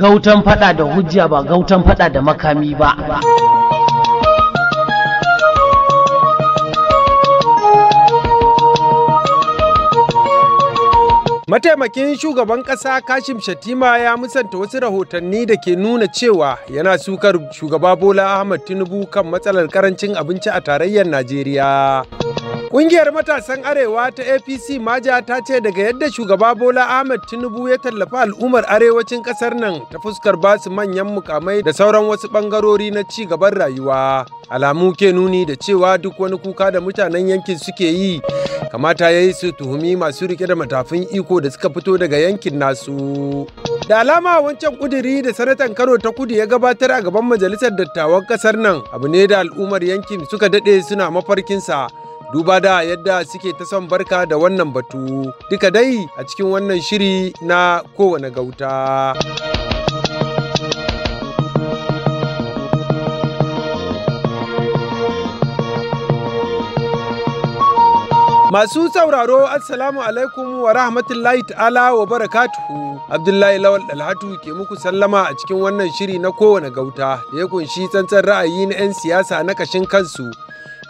gautan fada da hujja ba gautan fada da makami ba Mataimakin shugaban ƙasa Kashim Shatima ya musanta wasu rahotanni da ke nuna cewa yana sukar shugaba Bola Ahmad Tinubu kan matsalar karancin abinci a tarayyar Najeriya. Ƙungiyar matasan Arewa ta APC Maja ta ce daga yadda shugaba Bola Ahmed Tinubu ya tallafa al'ummar arewacin ƙasar nan ta fuskar basu manyan mukamai da sauran wasu ɓangarori na ci gaban rayuwa. Alamu ke nuni da cewa duk wani kuka da mutanen yankin suke yi kamata ya yi su tuhumi masu rike da matafin iko da suka fito daga yankin nasu. Da alama wancan kuduri da sanatan Kano ta kudu ya gabatar a gaban majalisar dattawan ƙasar nan abu ne da al'ummar yankin suka daɗe suna mafarkinsa. duba da yadda suke ta son barka da wannan batu duka dai a cikin wannan shiri na kowane gauta. Masu sauraro Assalamu alaikum wa rahmatullahi ta'ala wa barakatuhu. Abdullahi Lawal Dalhatu ke muku sallama a cikin wannan shiri na kowane gauta da ya kunshi tsantsan ra'ayi na 'yan siyasa na kashin kansu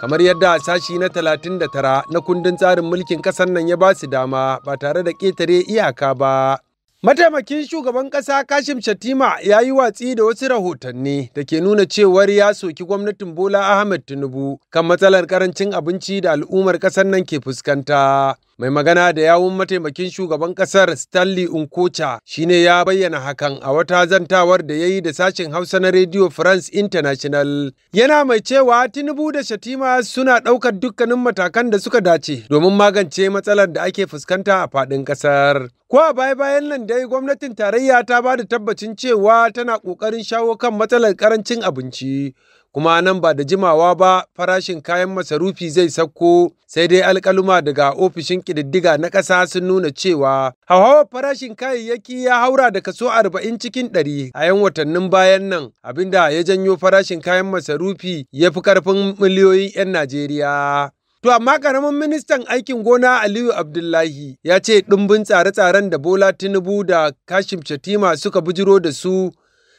kamar yadda sashi na 39 na kundin tsarin mulkin ƙasar nan ya ba su dama ba tare da ƙetare iyaka ba. Mataimakin shugaban ƙasa Kashim Shatima ya yi watsi da wasu rahotanni da ke nuna cewar ya soki gwamnatin Bola Ahmed Tinubu kan matsalar karancin abinci da al'ummar ƙasar nan ke fuskanta. Mai magana da yawun mataimakin shugaban ƙasar Stanley Unkocha shine ya bayyana hakan a wata zantawar da ya yi da sashen Hausa na Radio France International. Yana mai cewa Tinubu da Shatima suna ɗaukar dukkanin matakan da suka dace domin magance matsalar da ake fuskanta a faɗin ƙasar. Ko a baya-bayan nan dai gwamnatin tarayya ta ba da tabbacin cewa tana ƙoƙarin shawo kan matsalar ƙarancin abinci. kuma nan ba da jimawa ba farashin kayan masarufi zai sauko sai dai alkaluma daga ofishin ƙididdiga na ƙasa sun nuna cewa hauhawar farashin kayayyaki ya haura da kaso 40 cikin 100 a 'yan watannin bayan nan abinda ya janyo farashin kayan masarufi ya fi ƙarfin miliyoyin 'yan Najeriya. To amma karamin ministan aikin gona Aliyu Abdullahi ya ce ɗumbin tsare-tsaren da Bola Tinubu da Kashim Shatima suka bujiro da su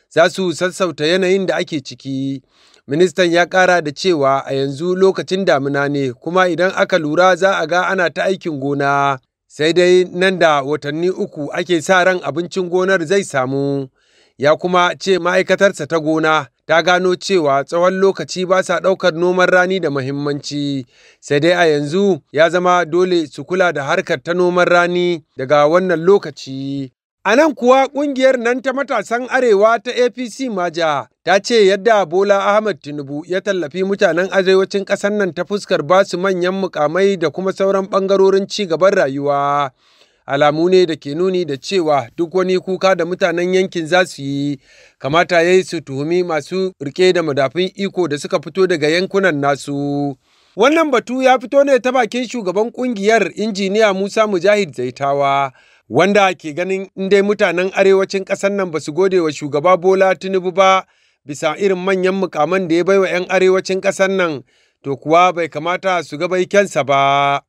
za su sassauta yanayin da ake ciki. Ministan ya ƙara da cewa a yanzu lokacin damina ne kuma idan aka lura za a ga ana ta aikin gona. Sai dai nan da watanni uku ake sa ran abincin gonar zai samu. Ya kuma ce ma'aikatarsa ta gona ta gano cewa tsawon lokaci ba sa ɗaukar noman rani da mahimmanci, sai dai a yanzu ya zama dole su kula da harkar ta noman rani daga wannan lokaci. A nan kuwa ƙungiyar nan ta matasan Arewa ta APC Maja ta ce yadda Bola Ahmed Tinubu ya tallafi mutanen arewacin ƙasar nan ta fuskar basu manyan mukamai da kuma sauran ɓangarorin ci gaban rayuwa. Alamu ne da ke nuni da cewa duk wani kuka da mutanen yankin za su yi, kamata ya yi su tuhumi masu rike da madafin iko da suka fito daga yankunan nasu. Wannan batu ya fito ne ta bakin shugaban kungiyar injiniya Musa Mujahid Zaitawa. Wanda ke ganin in dai mutanen arewacin ƙasar nan ba su gode wa shugaba Bola Tinubu ba, bisa irin manyan mukaman da ya baiwa 'yan arewacin ƙasar nan, to kuwa bai kamata su ga baikensa ba.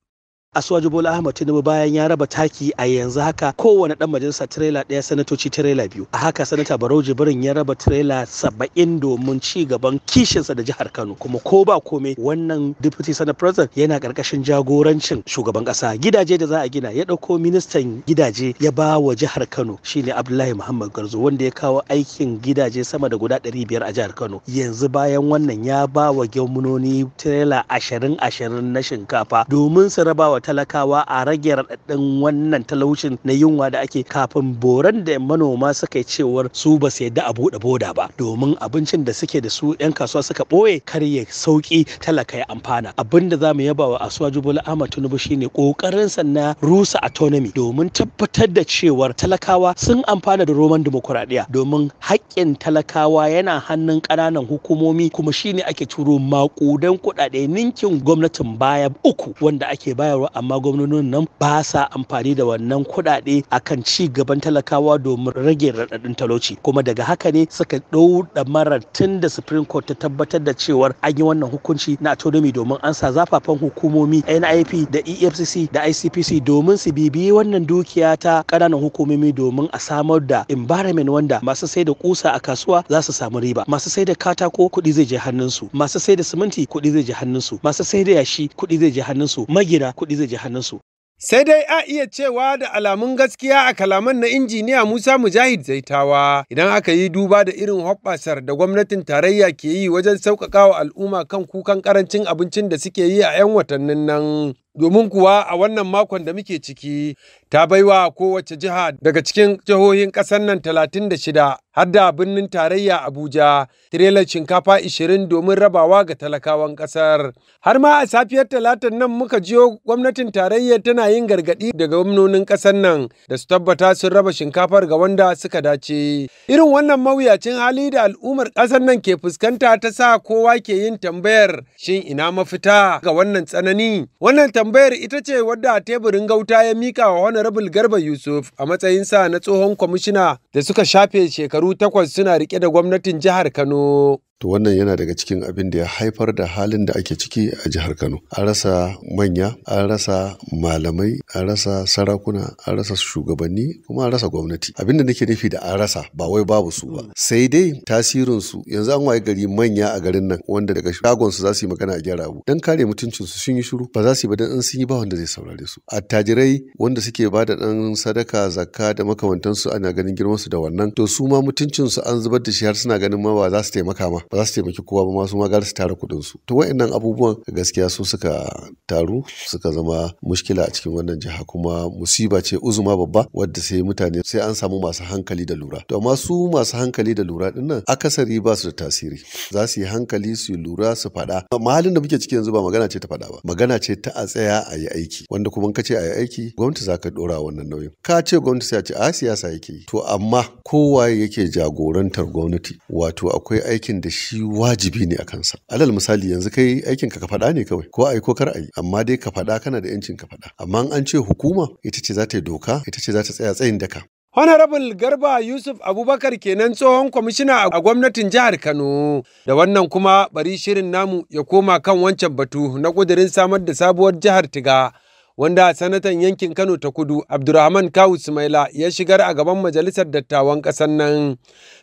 asuwaji bola ahmad tinubu bayan ya raba taki a yanzu haka kowane dan majalisa tirela ɗaya sanatoci tirela biyu a haka sanata barau birin ya raba tirela saba'in domin ci gaban kishinsa da jihar kano kuma ko ba komai wannan deputy senate president yana karkashin jagorancin shugaban kasa gidaje da za a gina ya dauko ministan gidaje ya ba wa jihar kano shine abdullahi muhammad garzo wanda ya kawo aikin gidaje sama da guda 500 a jihar kano yanzu bayan wannan ya ba wa gwamnoni tirela ashirin ashirin na shinkafa domin su raba wa talakawa a rage raɗaɗin wannan talaucin na yunwa da ake kafin boran da manoma suka yi cewar su ba su yadda a buɗe boda ba domin abincin da suke da su 'yan kasuwa suka ɓoye kar ya sauki talaka ya amfana abin da za mu yaba wa asuwa jubula ahmad tinubu shine ƙoƙarinsa na rusa autonomy domin tabbatar da cewar talakawa sun amfana da roman dimokuraɗiyya domin haƙƙin talakawa yana hannun ƙananan hukumomi kuma shine ake turo maƙudan kuɗaɗe ninkin gwamnatin baya uku wanda ake bayarwa amma gwamnonin nan ba sa amfani da wannan kuɗaɗe kan ci gaban talakawa domin rage raɗaɗin talauci kuma daga haka ne suka ɗau mara tun da supreme court ta tabbatar da cewar an yi wannan hukunci na autonomy domin an sa zafafan hukumomi nip da efcc da icpc domin su bibiyi wannan dukiya ta ƙananan hukumomi domin a samar da environment wanda masu sai da kusa a kasuwa za su samu riba masu sai da katako kuɗi zai je hannunsu masu sai da siminti kuɗi zai je hannunsu masu sai da yashi kuɗi zai je hannunsu magina kuɗi zai zai je hannunsu. Sai dai a iya cewa da alamun gaskiya a kalaman na injiniya Musa Mujahid Zaitawa idan aka yi duba da irin hoɓɓasar da gwamnatin tarayya ke yi wajen sauƙaƙawa al'umma kan kukan ƙarancin abincin da suke yi a 'yan watannin nan. Domin kuwa a wannan makon da muke ciki, ta baiwa kowace jiha daga cikin jihohin ƙasar nan 36 har da birnin tarayya Abuja tirelar shinkafa 20 domin rabawa ga talakawan ƙasar. Har ma a safiyar talatan nan muka jiyo gwamnatin tarayya tana yin gargaɗi daga gwamnonin ƙasar nan da su tabbata sun raba shinkafar ga wanda suka dace. Irin wannan mawuyacin hali da al'ummar ƙasar nan ke fuskanta ta sa kowa ke yin tambayar shin ina mafita ga wannan tsanani. Wannan tambayar ita ce wadda teburin gauta ya mika wa Honorable Garba Yusuf a matsayin sa na tsohon kwamishina da suka shafe shekaru takwas suna riƙe da gwamnatin jihar Kano. to wannan yana daga cikin abin da ya haifar da halin da ake ciki a jihar Kano an rasa manya an rasa malamai an rasa sarakuna an rasa shugabanni kuma an rasa gwamnati abin da nake nufi da an rasa ba wai babu su ba sai dai tasirin su yanzu an waye gari manya a garin nan wanda daga shagon su za su yi magana a gyara abu dan kare mutuncin su sun yi shiru ba za su yi ba dan in sun yi ba wanda zai saurare su attajirai wanda suke ba da dan sadaka zakka da makamantansu ana ganin girman su da wannan to su ma mutuncin su an zubar da shi har suna ganin ma ba za su taimaka ma ba za su taimaki kowa ba masu ma su tara kuɗin su to wayannan abubuwan gaskiya su suka taru suka zama mushkila a cikin wannan jiha kuma musiba ce uzuma babba wadda sai mutane sai an samu masu hankali da lura to amma su masu hankali da lura din nan akasari ba su da tasiri za su yi hankali su lura su faɗa amma halin da muke ciki yanzu ba magana ce ta faɗa ba magana ce ta a tsaya a yi aiki wanda kuma ka ce a yi aiki gwamnati za ka ɗora wannan nauyin ka ce gwamnati sai a ce a siyasa yake to amma kowa yake jagorantar gwamnati wato akwai aikin da shi wajibi ne a kansa alal misali yanzu kai aikin ka faɗa ne kawai ko ai ko kar ai amma dai ka faɗa kana da yancin ka faɗa amma an ce hukuma ita ce za ta yi doka ita ce za ta tsaya tsayin daka Honorable Garba Yusuf Abubakar kenan tsohon kwamishina a gwamnatin jihar Kano. Da wannan kuma bari shirin namu ya koma kan wancan batu na ƙudurin samar da sabuwar jihar Tiga. wanda sanatan yankin Kano ta kudu Abdurrahman Kawu Sumaila ya shigar a gaban majalisar dattawan ƙasar nan.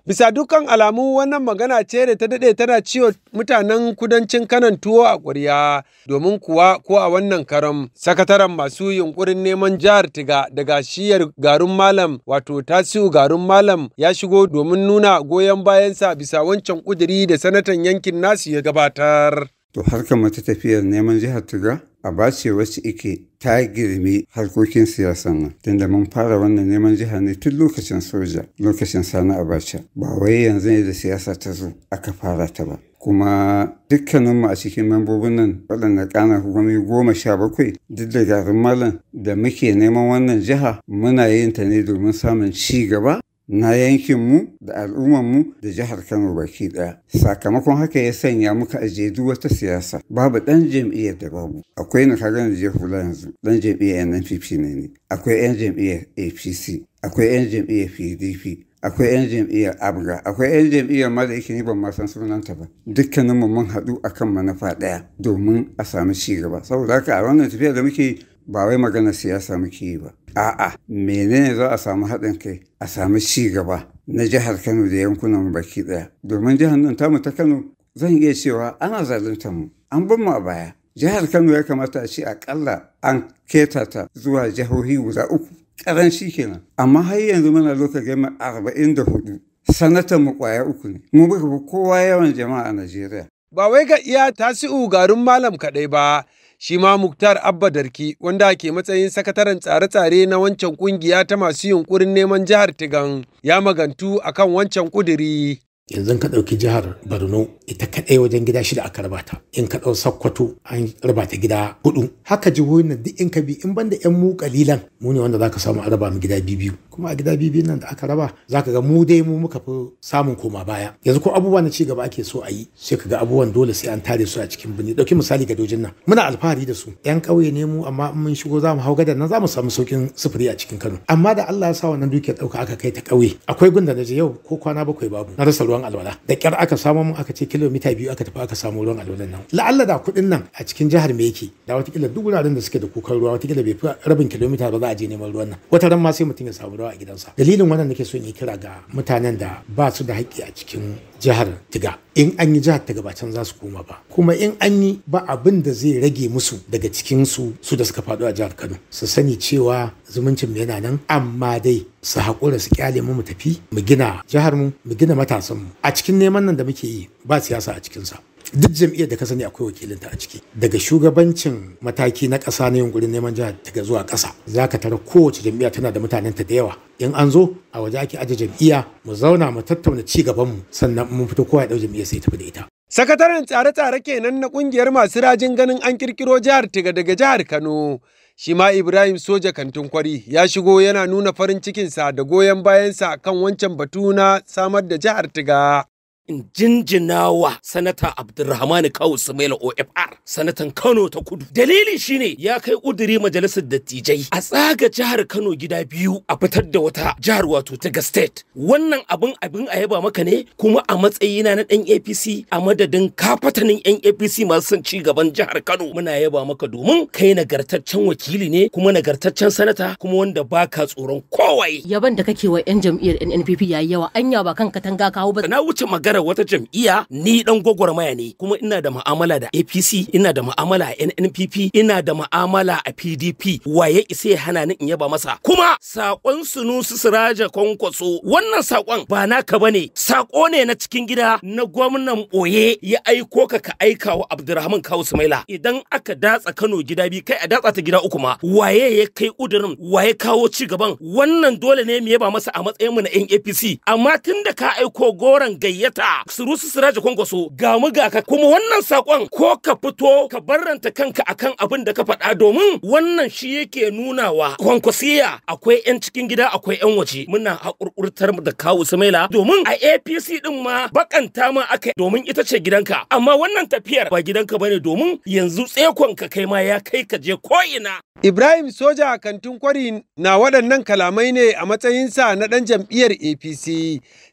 Bisa dukkan alamu wannan magana ce da ta daɗe tana ciwo mutanen kudancin kanan tuwo a ƙwarya domin kuwa ko a wannan karam sakataren masu yunkurin neman jihar Tiga daga shiyar garin Malam wato Tasiu garin Malam ya shigo domin nuna goyon bayansa bisa wancan kudiri da sanatan yankin nasu ya gabatar. To harkar mata tafiyar neman jihar Tiga a bace wacce ike ta girmi harkokin siyasan nan. Tunda mun fara wannan neman jiha ne tun lokacin soja, lokacin sana abacha. Ba wai yanzu ne da siyasa ta zo aka fara ta ba. Kuma dukkaninmu a cikin membobin nan waɗanda ƙana hukumi goma sha bakwai duk da garin malam da muke neman wannan jiha muna yin ta ne domin samun ci gaba na yankinmu da al'ummarmu da jihar Kano baki ɗaya. Sakamakon haka ya sanya muka ajiye duk wata siyasa. Babu ɗan jam'iyyar da babu. Akwai na kagan da hula yanzu ɗan jam'iyyar NPP ne ne. Akwai 'yan jam'iyyar APC. Akwai 'yan jam'iyyar PDP. akwai 'yan jam'iyyar abga akwai 'yan jam'iyyar ma da yake ni ban ma san sunanta ba dukkaninmu mun haɗu akan manufa ɗaya domin a samu ci gaba saboda haka a wannan tafiya da muke ba wai magana siyasa muke yi ba a'a menene za a samu haɗin kai a samu ci gaba na jihar Kano da yankunan baki ɗaya domin jihar nan tamu ta Kano zan iya cewa ana zaluntar mu an bar mu a baya jihar Kano ya kamata a ce akalla an keta ta zuwa jihohi guda uku karanci kenan amma har yanzu muna lokacin gama arba'in da hudu sanatan mu kwaya uku ne mu muka kowa yawan jama'a a Najeriya ba wai ga iya tasi'u garin malam kaɗai ba shi ma Muktar Abba Darki wanda ke matsayin sakataren tsare-tsare na wancan kungiya ta masu yunkurin neman jihar Tigan ya magantu akan wancan kuduri. yanzu ka ɗauki jihar borno ita kaɗai wajen gida shida aka raba ta in ka ɗau sokoto an raba gida hudu haka jihohin nan duk in ka bi in banda yan mu kalilan mu ne wanda za ka samu a raba mu gida biyu kuma a gida bibiyun nan da aka raba za ka ga mu dai mu muka fi samun koma baya yanzu ko abubuwa na ci gaba ake so a yi sai ka ga abubuwan dole sai an tare su a cikin birni dauki misali ga dojin nan muna alfahari da su yan ƙauye ne mu amma in mun shigo za mu hau gadar nan za mu samu saukin sufuri a cikin Kano amma da Allah ya sa wannan dukiyar dauka aka kai ta ƙauye akwai gunda da yau ko kwana bakwai babu na rasa ruwan alwala da ƙyar aka samu mun aka ce kilomita biyu aka tafi aka samu ruwan alwalan nan la'alla da kuɗin nan a cikin jihar me yake da watakila duk wuraren da suke da kukan ruwa watakila bai fi rabin kilomita ba za a je neman ruwan nan wata ran ma sai mutum ya samu daurawa a gidansa dalilin wannan nake so in yi kira ga mutanen da ba su da haƙƙi a cikin jihar tiga in an yi jihar tiga ba can za su koma ba kuma in an yi ba abin da zai rage musu daga cikin su su da suka faɗo a jihar kano su sani cewa zumuncin yana nan amma dai su haƙura su ƙyale mu mu tafi mu gina jihar mu mu gina matasan mu a cikin neman nan da muke yi ba siyasa a cikinsa duk jam'iyyar da ka sani akwai wakilinta a ciki daga shugabancin mataki na ƙasa na yunkurin neman jihar daga zuwa ƙasa za ka tara kowace jam'iyya tana da mutanenta da yawa in an zo a waje ake aje jam'iyya mu zauna mu tattauna ci gabanmu sannan mun fito kowa ya ɗau jam'iyyar sai tafi da ita Sakataren tsare-tsare kenan na kungiyar masu rajin ganin an kirkiro jihar Tiga daga jihar Kano. Shi ma Ibrahim Soja Kantin Kwari ya shigo yana nuna farin cikinsa da goyon bayansa kan wancan batu na samar da jihar Tiga. in jinjina wa sanata abdulrahman kawu sumaila ofr sanatan kano ta kudu dalili shine ya kai kuduri majalisar dattijai a tsaga jihar kano gida biyu a fitar da wata jihar wato ta state wannan abin abin a yaba maka ne kuma a matsayina na dan apc a madadin kafatanin yan apc masu son ci gaban jihar kano muna yaba maka domin kai nagartaccen wakili ne kuma nagartaccen sanata kuma wanda baka tsoron kowaye yaban da kake wa yan jam'iyyar nnpp yayi yawa anya ba kan tanga kawo ba na wuce magana tattara wata jam'iyya ni dan gwagwarmaya ne kuma ina da ma'amala da APC ina da ma'amala a NNPP ina da ma'amala a PDP waye isa ya hana ni in yaba masa kuma sakon sunusu siraja kwankwaso wannan sakon ba naka ne. sako ne na cikin gida na gwamnan boye ya aiko ka ka aika wa Abdulrahman Kawu Sumaila idan aka datsa Kano gida biyu kai a datsa ta gida uku ma waye ya kai udurin waye kawo ci gaban wannan dole ne mu yaba masa a matsayin mu na APC amma tunda ka aiko goran gayyata ta su siraji kwankwaso ga mu ga ka kuma wannan sakon ko ka fito ka barranta kanka akan abin da ka faɗa domin wannan shi yake nuna wa. kwankwasiya akwai 'yan cikin gida akwai 'yan waje muna haƙurƙurtar da kawu sumaila domin a apc din ma bakanta ma aka domin ita ce gidanka amma wannan tafiyar ba gidanka bane domin yanzu tsekonka kai ma ya kai ka je ko'ina Ibrahim Soja kantin kwari na waɗannan kalamai ne a matsayinsa na ɗan jam'iyyar APC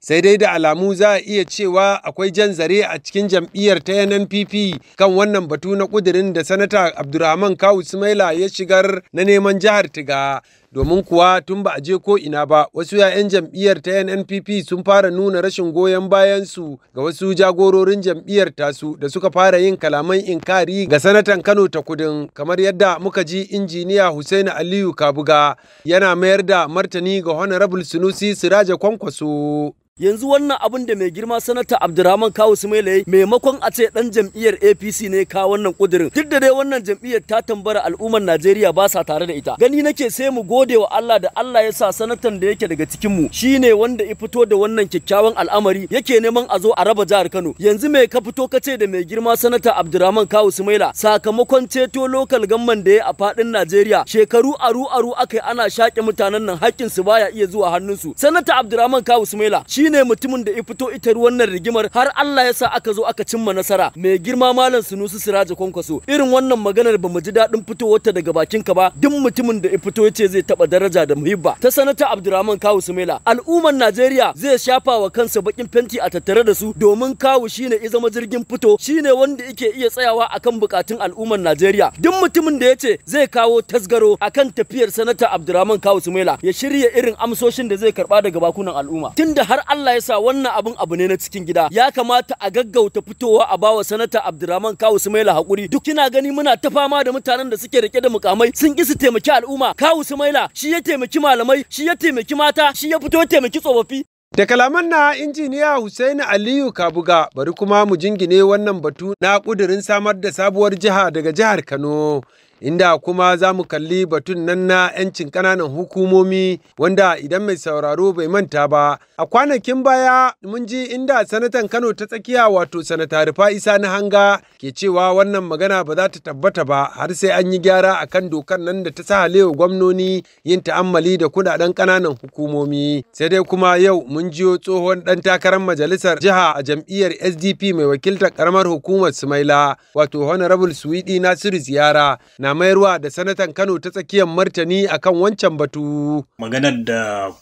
sai dai da alamu za a iya cewa akwai jan zare a cikin jam'iyyar ta NNPP kan wannan batu na kudirin da sanata Abdurrahman Kawu Sumaila ya shigar na neman jihar Tiga. domin kuwa tun ba a je ko ina ba wasu 'ya'yan jam'iyyar ta NNPP sun fara nuna rashin goyon bayan su ga wasu jagororin jam'iyyar tasu da suka fara yin kalaman inkari ga sanatan Kano ta kudin kamar yadda muka ji injiniya Hussaini Aliyu Kabuga yana mayar da martani ga Honorable Sunusi Siraja Kwankwaso. yanzu wannan abin da mai girma sanata abdurrahman kawu laye maimakon a ce dan jam'iyyar apc ne ka wannan kudirin duk da dai wannan jam'iyyar ta tambara al'ummar najeriya ba sa tare da ita gani nake sai mu gode wa allah da allah ya sa sanatan da yake daga cikin mu shine wanda ya fito da wannan kyakkyawan al'amari yake neman a zo a raba jihar kano yanzu mai ka fito ka ce da mai girma sanata abdurrahman kawu sumaila sakamakon ceto lokal gamman da ya a fadin najeriya shekaru aru aru akai ana shaƙe mutanen nan haƙƙinsu su baya iya zuwa hannunsu sanata abdurrahman kawu sumaila shi shine mutumin da ya fito ita ruwan wannan rigimar har Allah ya sa aka zo aka cimma nasara mai girma malam Sunusi Siraje Kwankwaso irin wannan maganar ba mu ji daɗin fitowarta daga bakin ka ba duk mutumin da ya fito ya ce zai taba daraja da muhibba ta sanata Abdurrahman Kawu Sumela al'ummar Najeriya zai shafa wa kansa bakin fenti a tattare da su domin Kawu shine ya zama jirgin fito shine wanda yake iya tsayawa akan bukatun al'ummar Najeriya duk mutumin da ya ce zai kawo tasgaro akan tafiyar sanata Abdurrahman Kawu Sumela ya shirya irin amsoshin da zai karba daga bakunan al'umma tunda har Allah ya sa wannan abun abu ne na cikin gida ya kamata a gaggauta fitowa a bawa sanata Abdurrahman Kawu Sumaila hakuri duk kina gani muna ta fama da mutanen da suke rike da mukamai sun ki su taimaki al'umma Kawu Sumaila shi ya taimaki malamai shi ya taimaki mata shi ya fito taimaki tsofaffi Da kalaman na injiniya Hussaini Aliyu Kabuga bari kuma mu jingine wannan batu na kudirin samar da sabuwar jiha daga jihar Kano. inda kuma za mu kalli batun nan na 'yancin ƙananan hukumomi wanda idan mai sauraro bai manta ba. A kwanakin baya mun ji inda sanatan Kano ta tsakiya wato sanata rufa isa na hanga ke cewa wannan magana ba za ta tabbata ba har sai an yi gyara a kan dokar nan da ta sa halewa gwamnoni yin ta'ammali da kudaden ƙananan hukumomi. Sai dai kuma yau mun jiyo tsohon ɗan takarar majalisar jiha a jam'iyyar SDP mai wakiltar ƙaramar hukumar Sumaila wato Honorable Suwidi Nasiru Ziyara na na mayarwa da sanatan Kano ta tsakiyar martani akan wancan batu. Maganar da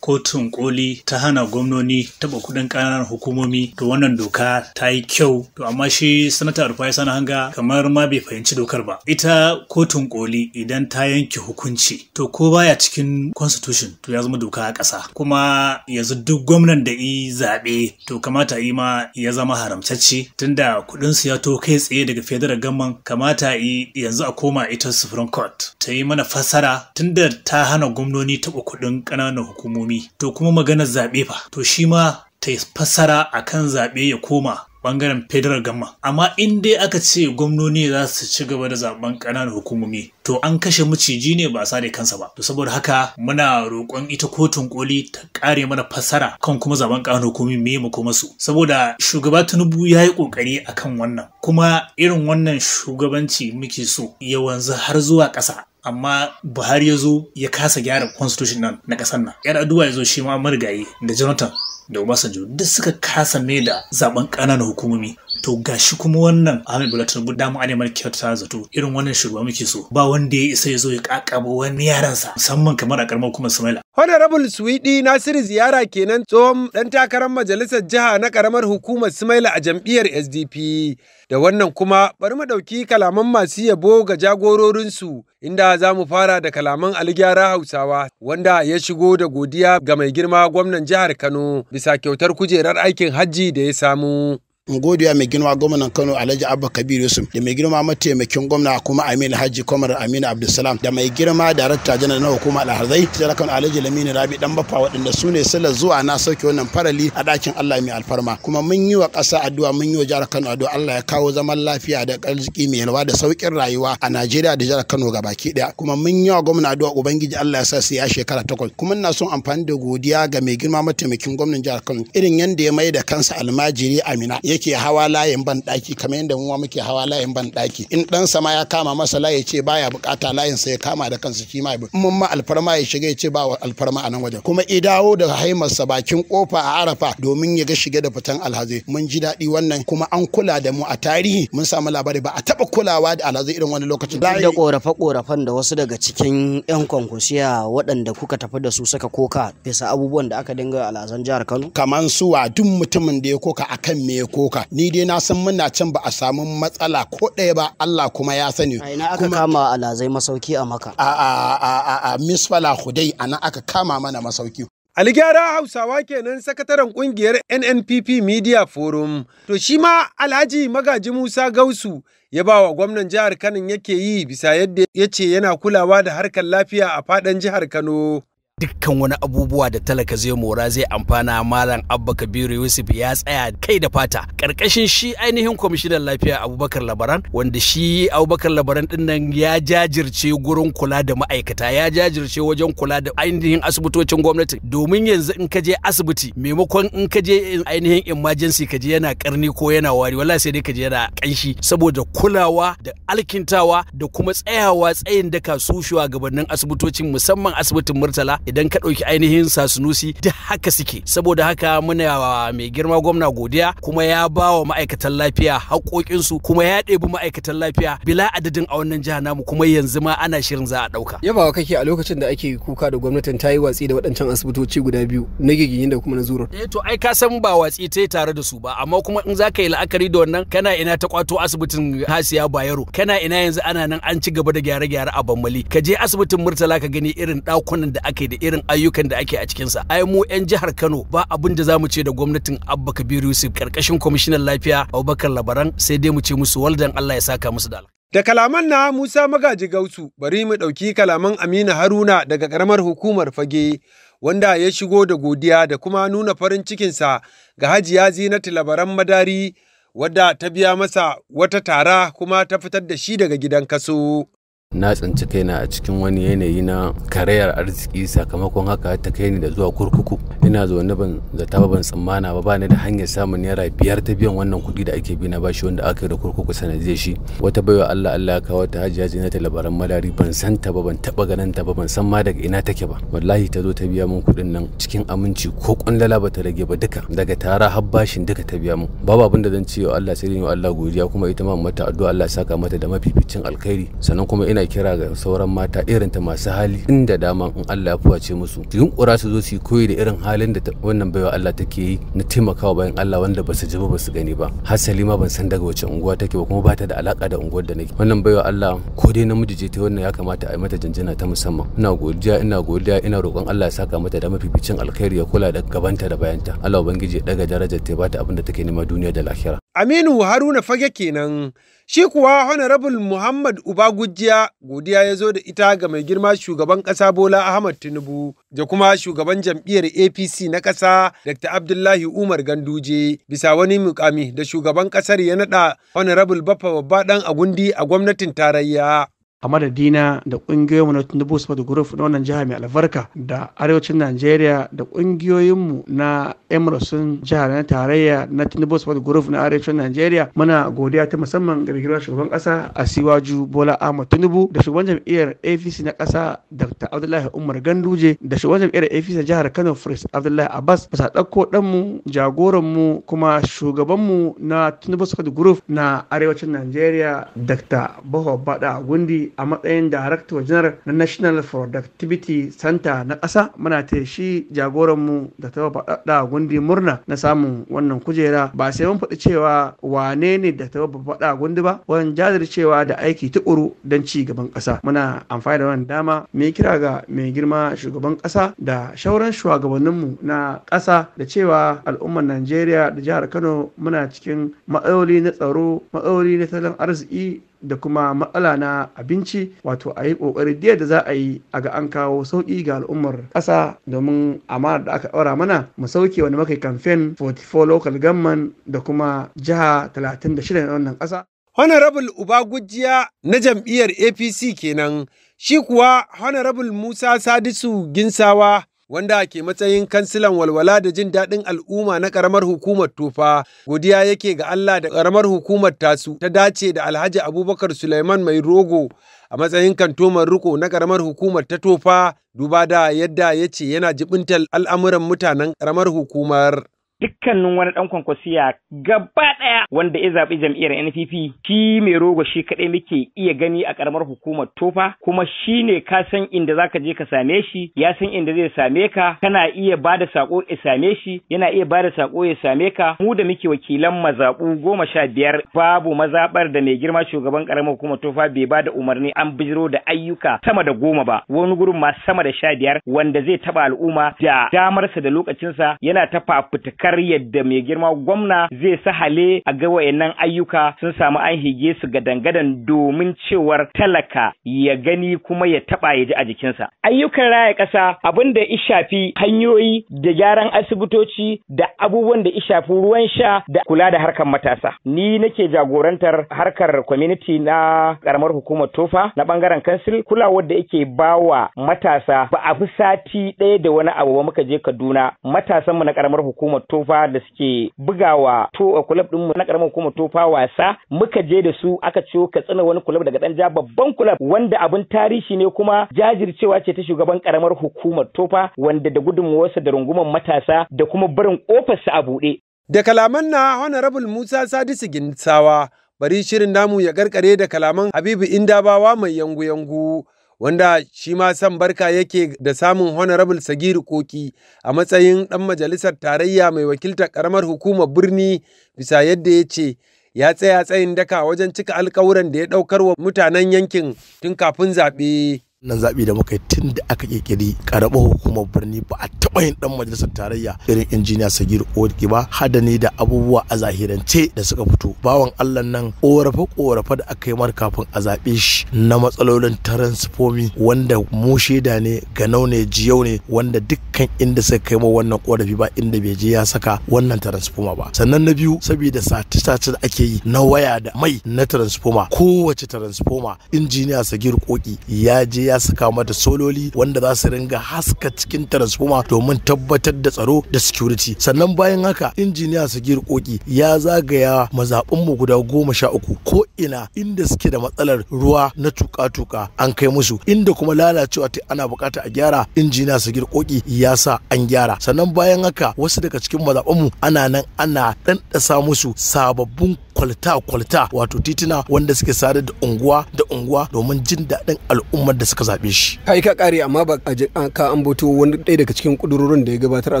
kotun koli ta hana gwamnoni taɓa kuɗin kananan hukumomi to wannan doka ta yi kyau to amma shi sanata sana hanga kamar ma bai fahimci dokar ba. Ita kotun koli idan ta yanke hukunci to ko baya cikin constitution to ya zama doka a ƙasa kuma yanzu duk gwamnan da yi zaɓe to kamata yi ma ya zama haramtacce tunda kuɗinsu ya to kai tsaye daga federal gamman kamata yi yanzu a koma ita ma'aikatar Supreme Court ta yi mana fasara tunda ta hana gwamnoni taɓa kuɗin ƙananan hukumomi to kuma maganar zaɓe fa to shi ma ta fasara a kan zaɓe ya koma bangaren federal gama amma in dai aka ce gwamnoni za su ci gaba da zaben ƙananan hukumomi to an kashe maciji ne ba sa da kansa ba to saboda haka muna roƙon ita kotun koli ta ƙare mana fassara kan kuma zaben ƙananan hukumomi me mu kuma su saboda shugaba tinubu ya yi ƙoƙari akan wannan kuma irin wannan shugabanci muke so ya wanzu har zuwa ƙasa amma buhari ya zo ya kasa gyara constitution nan na kasar nan yar aduwa ya zo shi ma marigayi da jonathan da obasanjo duk suka kasa me da zaben ƙananan hukumomi to gashi kuma wannan Ahmed Bola Tinubu da mu anemar kyauta zato irin wannan shugaba muke so ba wanda ya isa ya zo ya kakaba wani yaransa musamman kamar a karamar hukumar Sumaila. Honorable Swidi Nasiru ziyara kenan tsohon dan takarar majalisar jiha na karamar hukumar Sumaila a jam'iyyar SDP da wannan kuma bari mu dauki kalaman masu yabo ga jagororinsu inda za mu fara da kalaman aligyara hausawa wanda ya shigo da godiya ga mai girma gwamnan jihar Kano bisa kyautar kujerar aikin hajji da ya samu. godiya mai girma gwamnan kano alhaji abba kabir yusuf da mai girma mataimakin gwamna kuma aminu hajji kwamar aminu abdulsalam da mai girma darakta janar na hukumar alhazai sarakan alhaji lamini rabi dan bafa waɗanda su ne sila zuwa na sauke wannan farali a ɗakin allah mai alfarma kuma mun yi wa ƙasa addu'a mun yi wa jihar kano addu'a allah ya kawo zaman lafiya da arziki mai yalwa da sauƙin rayuwa a najeriya da jihar kano baki ɗaya kuma mun yi wa gwamna addu'a ubangiji allah ya sa su ya shekara takwas kuma ina son amfani da godiya ga mai girma mataimakin gwamnan jihar kano irin yadda ya mai da kansa almajiri amina yake hawa layin ban daki kamar yadda mu muke hawa layin ban daki in dan sama ya kama masa layi ce baya bukata layin sai ya kama da kansa shi ma mun ma alfarma ya shiga ya ce ba alfarma a nan wajen kuma i dawo da haimarsa bakin kofa a arafa domin ya ga shige da fitan alhazi mun ji daɗi wannan kuma an kula da mu a tarihi mun samu labari ba a taba kulawa da alhaji irin wani lokacin da korafe korafen da wasu daga cikin yan kwankwasiya waɗanda kuka tafi da su saka koka bisa abubuwan da aka dinga alhazan jihar Kano kaman wa duk mutumin da ya koka akan me ya ko koka ni dai na san muna can ba a samu matsala ko ɗaya ba Allah kuma ya sani ina aka kama alazai masauki a maka a a a a a misfala hudai ana aka kama mana masauki Ali Hausawa kenan sakataren kungiyar NNPP Media Forum. To shi ma Alhaji Magaji Musa Gausu ya ba wa gwamnan jihar Kano yake yi bisa yadda ya ce yana kulawa da harkar lafiya a faɗin jihar Kano. dukkan wani abubuwa da talaka zai mora zai amfana malam abba kabiru yusuf ya tsaya kai da fata karkashin shi ainihin kwamishinan lafiya abubakar labaran wanda shi abubakar labaran din nan ya jajirce gurin kula da ma'aikata ya jajirce wajen kula da ainihin asibitocin gwamnati domin yanzu in kaje asibiti maimakon in ka je ainihin emergency kaje yana karni ko yana wari wala sai dai ka je yana kanshi saboda kulawa da alkintawa da kuma tsayawa tsayin daka su shugabannin asibitocin musamman asibitin murtala idan ka ɗauki ainihin sasunusi duk haka suke saboda haka muna wa mai girma gwamna godiya kuma ya ba wa ma'aikatan lafiya haƙoƙinsu kuma ya ɗebi ma'aikatan lafiya bila adadin a wannan jiha namu kuma yanzu ma ana shirin za a ɗauka. yabawa kake a lokacin da ake kuka da gwamnatin ta yi watsi da waɗancan asibitoci guda biyu na gigiyin da kuma na zurar. eh to ai ka san ba watsi ta tare da su ba amma kuma in za ka yi la'akari da wannan kana ina ta kwato asibitin hasiya bayero kana ina yanzu ana nan an ci gaba da gyare-gyare a bammali ka je asibitin murtala ka gani irin ɗakunan da aka da irin ayyukan da ake a cikinsa ai mu 'yan jihar kano ba abin da zamu ce da gwamnatin abba kabiru yusuf karkashin kwamishinan lafiya abubakar labaran sai dai mu ce musu waldan allah ya saka musu da Da kalaman na Musa Magaji Gausu bari mu ɗauki kalaman amina Haruna daga ƙaramar hukumar fage wanda ya shigo da godiya da kuma nuna farin cikinsa ga hajiya zinatu labaran madari wadda ta biya masa wata tara kuma ta fitar da shi daga gidan kaso. na tsinci kaina a cikin wani yanayi na karayar arziki sakamakon haka ta kai ni da zuwa kurkuku ina zaune ban zata ba ban tsammana ba bani da hanyar samun naira biyar ta biyan wannan kuɗi da ake bi na bashi wanda aka yi da kurkuku sanadiyar shi wata baiwa Allah Allah ka wata hajiya jina ta labaran madari ban san ta ba ban taba ganin ta ba ban san ma daga ina take ba wallahi ta zo ta biya min kuɗin nan cikin aminci ko kullala ba ta rage ba duka daga tara har bashin duka ta biya min babu abin da zan ce wa Allah sai wa Allah godiya kuma ita ma mata addu'a Allah saka mata da mafificin alkhairi sannan kuma ina ana kira ga sauran mata irin ta masu hali inda dama in Allah ya fuwace musu su yunkura su zo su koyi da irin halin da wannan baiwa Allah take yi na taimakawa bayan Allah wanda ba su ji ba su gani ba hasali ma ban san daga wace unguwa take ba kuma ba ta da alaka da unguwar da nake wannan baiwa Allah ko dai namiji je ta wannan ya kamata a yi mata jinjina ta musamman ina godiya ina godiya ina roƙon Allah ya saka mata da mafificin alkhairi ya kula da gabanta da bayanta Allah ubangiji ya daga darajar ta bata abin da take nema duniya da lahira Aminu Haruna Fage kenan, shi kuwa Honorable Muhammad Uba Gujiya godiya ya zo da ita ga mai girma shugaban ƙasa Bola Ahmad Tinubu da kuma shugaban jam'iyyar APC na ƙasa Dr. Abdullahi Umar Ganduje bisa wani mukami da shugaban ƙasar ya naɗa Honorable Baffa Babba ɗan Agundi a gwamnatin tarayya. a madadina da ƙungiyoyinmu na Tinubu Sport Group na wannan jiha mai albarka da arewacin Najeriya da ƙungiyoyinmu na Emirates jihar na tarayya na Tinubu Sport Group na arewacin Najeriya muna godiya ta musamman ga rigirar shugaban ƙasa a Siwaju Bola Ahmad Tinubu da shugaban jam'iyyar APC na kasa Dr. Abdullahi Umar Ganduje da shugaban jam'iyyar APC na jihar Kano Fritz Abdullahi Abbas bisa ɗauko ɗanmu jagoranmu kuma shugabanmu na Tinubu Sport Group na arewacin Najeriya Dr. bahu Bada Gundi a matsayin Director General na National Productivity Center na ƙasa muna ta shi jagoranmu da ta faɗaɗa gundi murna na samun wannan kujera ba sai mun faɗi cewa wane ne da ta faɗa gundi ba wajen jajircewa da aiki tuƙuru don ci gaban ƙasa muna amfani da wannan dama mai kira ga mai girma shugaban ƙasa da shauran shugabanninmu na ƙasa da cewa al'ummar Najeriya da jihar Kano muna cikin matsaloli na tsaro matsaloli na tattalin arziki da kuma matsala na abinci wato a yi ƙoƙari da da za a yi a ga an kawo sauƙi ga al'ummar ƙasa domin amana da aka ɗora mana mu sauke wani makai kamfen 44 local government da kuma jiha 36 na wannan ƙasa. Honorable Uba Gujiya na jam'iyyar APC kenan, shi kuwa Honorable Musa Sadisu Ginsawa wanda ke matsayin kansilan walwala da jin daɗin al'umma na ƙaramar hukumar Tufa, godiya yake ga Allah da ƙaramar hukumar tasu ta dace da Alhaji Abubakar Suleiman Mai Rogo a matsayin kantoman riko na ƙaramar hukumar ta Tufa, duba da yadda ya ce yana jibintar al'amuran mutanen ƙaramar hukumar. dukkanin wani ɗan kwankwasiya gaba ɗaya wanda ya zaɓi jam'iyyar NPP shi mai rogo shi kaɗai muke iya gani a karamar hukumar tofa kuma shi ne ka san inda zaka je ka same shi ya san inda zai same ka kana iya ba da sako ya same shi yana iya ba da sako ya same ka mu da muke wakilan mazaɓu goma sha biyar babu mazaɓar da mai girma shugaban karamar hukumar tofa bai ba da umarni an bijiro da ayyuka sama da goma ba wani gurin ma sama da sha biyar wanda zai taɓa al'umma da damarsa da lokacinsa yana ta fafutukar kamar yadda mai girma gwamna zai sahale a ga wayannan ayyuka sun samu an hige su gadan-gadan domin cewar talaka ya gani kuma ya taba ya ji a jikinsa. Ayyukan raya ƙasa abin da ya shafi hanyoyi da gyaran asibitoci da abubuwan da ya shafi ruwan sha da kula da harkar matasa. Ni nake jagorantar harkar community na karamar hukumar tofa na bangaren kansil kulawar da yake bawa matasa ba a fi sati ɗaya da wani abu ba muka je Kaduna matasanmu na karamar hukumar tofa tofa da suke bugawa to a kulab din mu na karamar kuma tofa wasa muka je da su aka ciwo katsina wani kulab daga dan ja babban kulab wanda abin tarihi ne kuma jajircewa ce ta shugaban karamar hukumar tofa wanda da gudunmuwarsa da rungumar matasa da kuma barin kofarsa a buɗe. Da kalaman na Honorable Musa Sadisu Gintawa bari shirin namu ya karkare da kalaman Habibu Indabawa mai yangu-yangu. wanda shi ma san barka yake da samun honorable sagir koki a matsayin ɗan majalisar tarayya mai wakiltar ƙaramar hukumar birni bisa yadda ya ce ya tsaya tsayin daka wajen cika alkawuran da ya ɗaukar wa mutanen yankin tun kafin zaɓe. nan zaɓi da muka yi tun da aka ƙirƙiri karɓo hukumar birni ba a taɓa yin ɗan majalisar tarayya irin injiniya sagir oki ba hada ne da abubuwa a zahirance da suka fito bawan allah nan ƙorafe ƙorafe da aka yi mar kafin a zaɓe shi na matsalolin transfomi wanda mu shaida ne ganau ne jiyau ne wanda dukkan inda suka kai ma wannan ƙorafi ba inda bai je ya saka wannan transfoma ba sannan na biyu saboda sace-sace da ake yi na waya da mai na transfoma kowace transfoma, injiniya sagir koki ya je ya saka mata sololi wanda za su ringa haska cikin transformer domin tabbatar da tsaro da security sannan bayan haka injiniya Sagir Koki ya zagaya mazaɓin mu guda goma sha uku ko ina inda suke da matsalar ruwa na tuka-tuka an kai musu inda kuma lalacewa ta ana bukata a gyara injiniya Sagir Koki ya sa an gyara sannan bayan haka wasu daga cikin mazaɓin mu ana nan ana ɗanɗasa musu sababbin kwalta-kwalta wato titina wanda suke sadar da unguwa da unguwa domin jin daɗin al'ummar da suka suka zaɓe shi. Kai ka kare amma ba a ji ka ambato wani ɗaya daga cikin kudurorin da ya gabatar a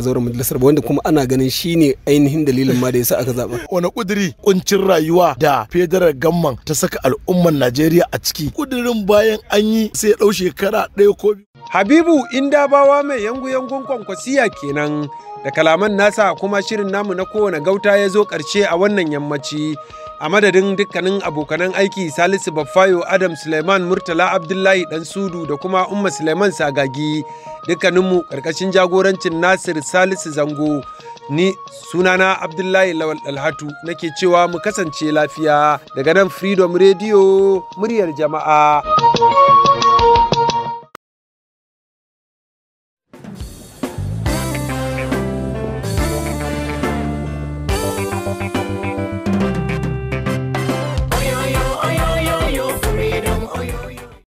zauren majalisar ba wanda kuma ana ganin shi ne ainihin dalilin ma da ya sa aka zaɓa. Wani kuduri kuncin rayuwa da fedarar gamman ta saka al'ummar Najeriya a ciki. Kudurin bayan an yi sai ya ɗau shekara ɗaya ko biyu. Habibu bawa mai yangu-yangun kwankwasiya kenan da kalaman nasa kuma shirin namu na kowane gauta ya zo karshe a wannan yammaci a madadin dukkanin abokanan aiki salisu baffayo adam suleiman murtala abdullahi dan sudu da kuma umma suleiman sagagi dukkaninmu karkashin jagorancin nasir salisu zango ni sunana abdullahi lawal dalhatu nake cewa mu kasance lafiya daga nan freedom radio muryar jama'a